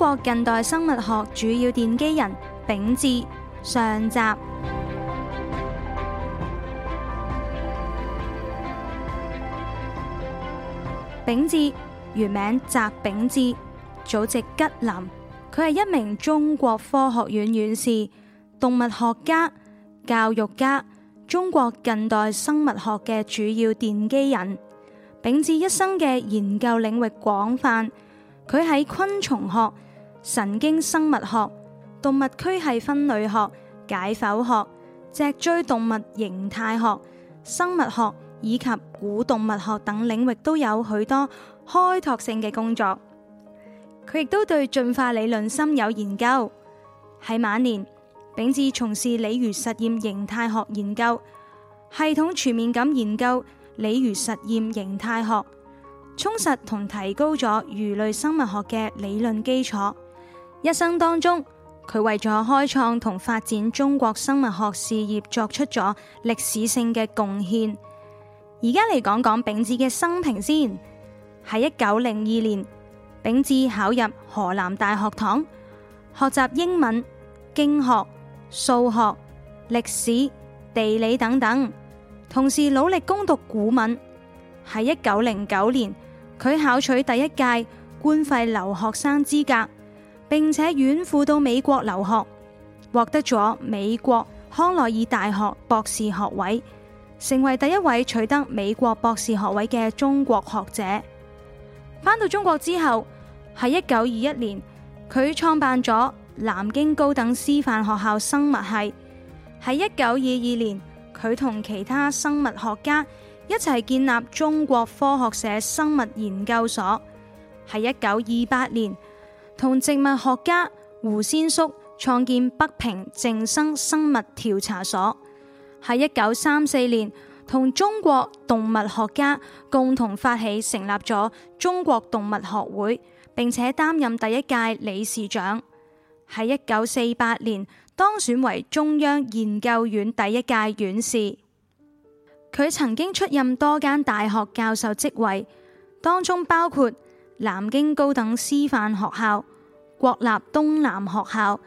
中國近代生物學主要奠基人秉志，上集。秉志原名翟秉志，祖籍吉林，佢係一名中國科學院院士、動物學家、教育家，中國近代生物學嘅主要奠基人。秉志一生嘅研究領域廣泛，佢喺昆蟲學、神經生物學、動物區系分類學、解剖學、脊椎動物形態學、生物學以及古動物學等領域都有許多開拓性嘅工作。佢亦都對進化理論深有研究，喺晚年，秉志從事鯉魚實驗形態學研究，系統全面咁研究鯉魚實驗形態學，充實同提高咗魚類生物學嘅理論基礎。一生當中，佢為咗開創同發展中國生物學事業，作出咗歷史性嘅貢獻。而家嚟講講秉志嘅生平先。喺一九零二年，秉志考入河南大學堂，學習英文、經學、數學、歷史、地理等等，同時努力攻讀古文。喺一九零九年，佢考取第一屆官費留學生資格。並且遠赴到美國留學，獲得咗美國康奈爾大學博士學位，成為第一位取得美國博士學位嘅中國學者。返到中國之後，喺一九二一年，佢創辦咗南京高等師範學校生物系。喺一九二二年，佢同其他生物學家一齊建立中國科學社生物研究所。喺一九二八年。同植物學家胡先驌創建北平靜生生物調查所，喺一九三四年同中國動物學家共同發起成立咗中國動物學會，並且擔任第一屆理事長。喺一九四八年當選為中央研究院第一屆院士。佢曾經出任多間大學教授職位，當中包括。南京高等師範學校、國立東南學校、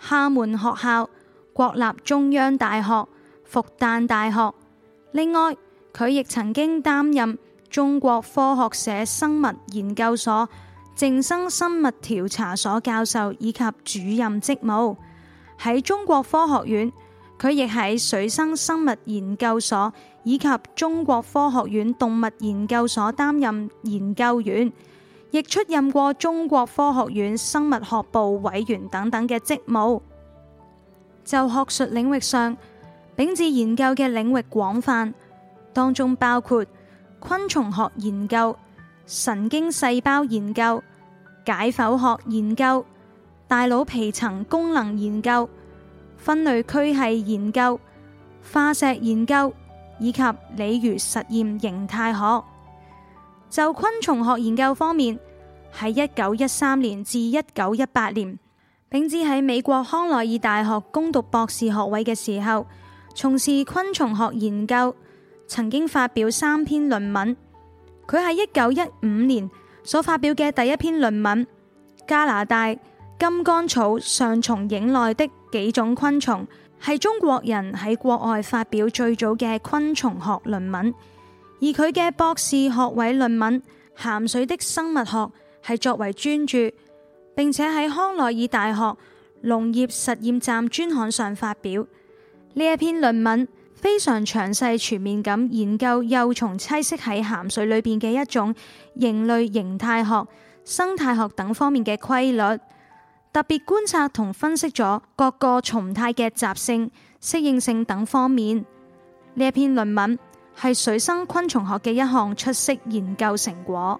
廈門學校、國立中央大學、復旦大學。另外，佢亦曾經擔任中國科學社生物研究所、靜生生物調查所教授以及主任職務。喺中國科學院，佢亦喺水生生物研究所以及中國科學院動物研究所擔任研究員。亦出任過中國科學院生物學部委員等等嘅職務。就學術領域上，秉志研究嘅領域廣泛，當中包括昆蟲學研究、神經細胞研究、解剖學研究、大腦皮層功能研究、分類區系研究、化石研究以及鯉魚實驗形態學。就昆蟲學研究方面，喺一九一三年至一九一八年，秉志喺美國康奈爾大學攻讀博士學位嘅時候，從事昆蟲學研究，曾經發表三篇論文。佢喺一九一五年所發表嘅第一篇論文《加拿大金桿草上蟲影內的幾種昆蟲》，係中國人喺國外發表最早嘅昆蟲學論文。而佢嘅博士學位論文《鹹水的生物學》，係作為專著，並且喺康奈爾大學農業實驗站專刊上發表，呢一篇論文，非常詳細全面咁研究幼蟲棲息喺鹹水裏邊嘅一種蠅類、形態學、生態學等方面嘅規律，特別觀察同分析咗各個蟲態嘅習性、適應性等方面呢一篇論文。係水生昆蟲學嘅一項出色研究成果。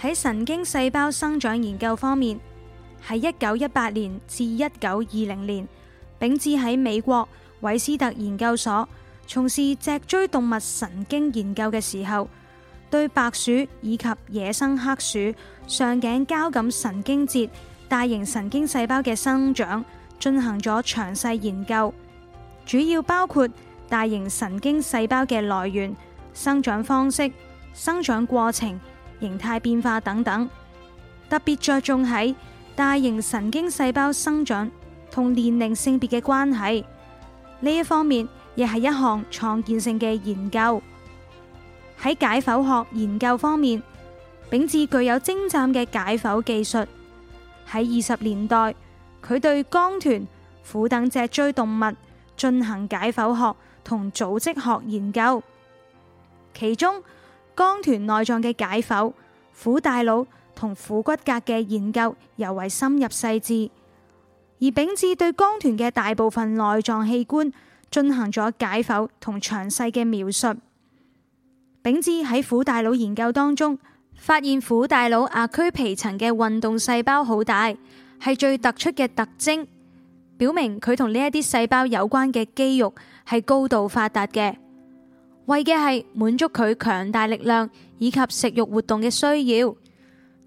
喺神經細胞生長研究方面。喺一九一八年至一九二零年，秉志喺美國韋斯特研究所從事脊椎動物神經研究嘅時候，對白鼠以及野生黑鼠上頸交感神經節大型神經細胞嘅生長進行咗詳細研究，主要包括大型神經細胞嘅來源、生長方式、生長過程、形態變化等等，特別着重喺。大型神經細胞生長同年齡性別嘅關係呢一方面亦係一項創建性嘅研究。喺解剖學研究方面，秉志具有精湛嘅解剖技術。喺二十年代，佢對江豚、虎等脊椎動物進行解剖學同組織學研究，其中江豚內臟嘅解剖、虎大腦同虎骨骼嘅研究尤為深入細致，而秉志對江豚嘅大部分內臟器官進行咗解剖同詳細嘅描述。秉志喺虎大腦研究當中發現，虎大腦阿區皮層嘅運動細胞好大，係最突出嘅特徵，表明佢同呢一啲細胞有關嘅肌肉係高度發達嘅，為嘅係滿足佢強大力量以及食肉活動嘅需要。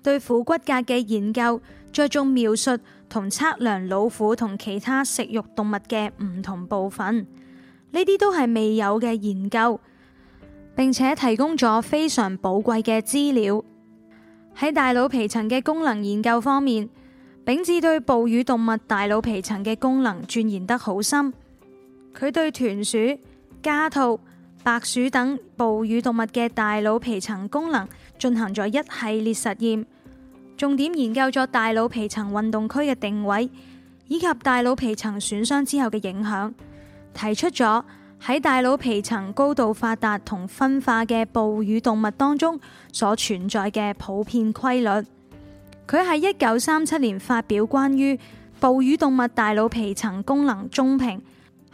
對虎骨架嘅研究着重描述同測量老虎同其他食肉動物嘅唔同部分，呢啲都係未有嘅研究，並且提供咗非常寶貴嘅資料。喺大腦皮層嘅功能研究方面，秉志對哺乳動物大腦皮層嘅功能鑽研得好深。佢對豚鼠、家兔、白鼠等哺乳動物嘅大腦皮層功能進行咗一系列實驗。重點研究咗大腦皮層運動區嘅定位，以及大腦皮層損傷之後嘅影響，提出咗喺大腦皮層高度發達同分化嘅哺乳動物當中所存在嘅普遍規律。佢喺一九三七年發表關於哺乳動物大腦皮層功能中評。